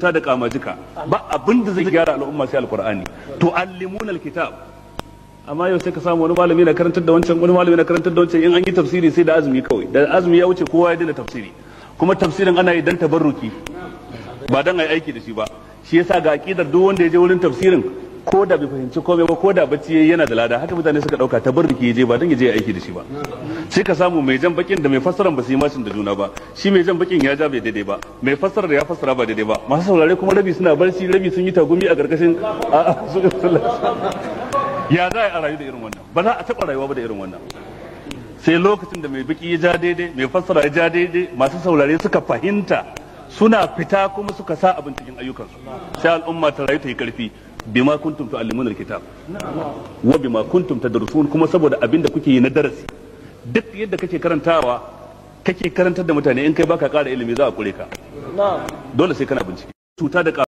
ta da kamajika ba abin da zai gyara al'umma sai alqur'ani to allimunal kitab amma yau sai ka samu wani malami na karantar da wancan wani malami na karantar da wancan in an yi tafsiri sai da azumi kawai da azumi ya wuce kowa ya daina tafsiri kuma tafsirin ana yi dan tabarruki ba dan ai aiki da shi ba shi yasa ga aqidar duk wanda ya je wurin tafsirin ko da bai fahimci komai ba ko da bacci yayi yana da lada haka mutane suka dauka tabarruki je ba dan ya je aiki da shi ba sai ka samu mai jan bakin da mai fassara ba su yi mashin da juna ba shi mai jan bakin ya ja bai daidai ba mai fassarar ya fassara ba daidai ba masu saurare kuma rabi suna barci rabi sun yi tagumi a karkashin ya za a yi a rayu da irin wannan ba za a taba rayuwa ba da irin wannan sai lokacin da mai biki ya ja daidai mai fassara ya ja daidai masu saurare suka fahimta suna fita kuma suka sa abin cikin ayyukansu sai al'umma ta rayu ta yi karfi bima kuntum tu'allimuna alkitab wa bima kuntum tadrusun kuma saboda abinda kuke yi na darasi duk yadda kake karantawa kake karantar da mutane in kai baka ƙara ilimi za a kure ka dole sai kana bincike cuta da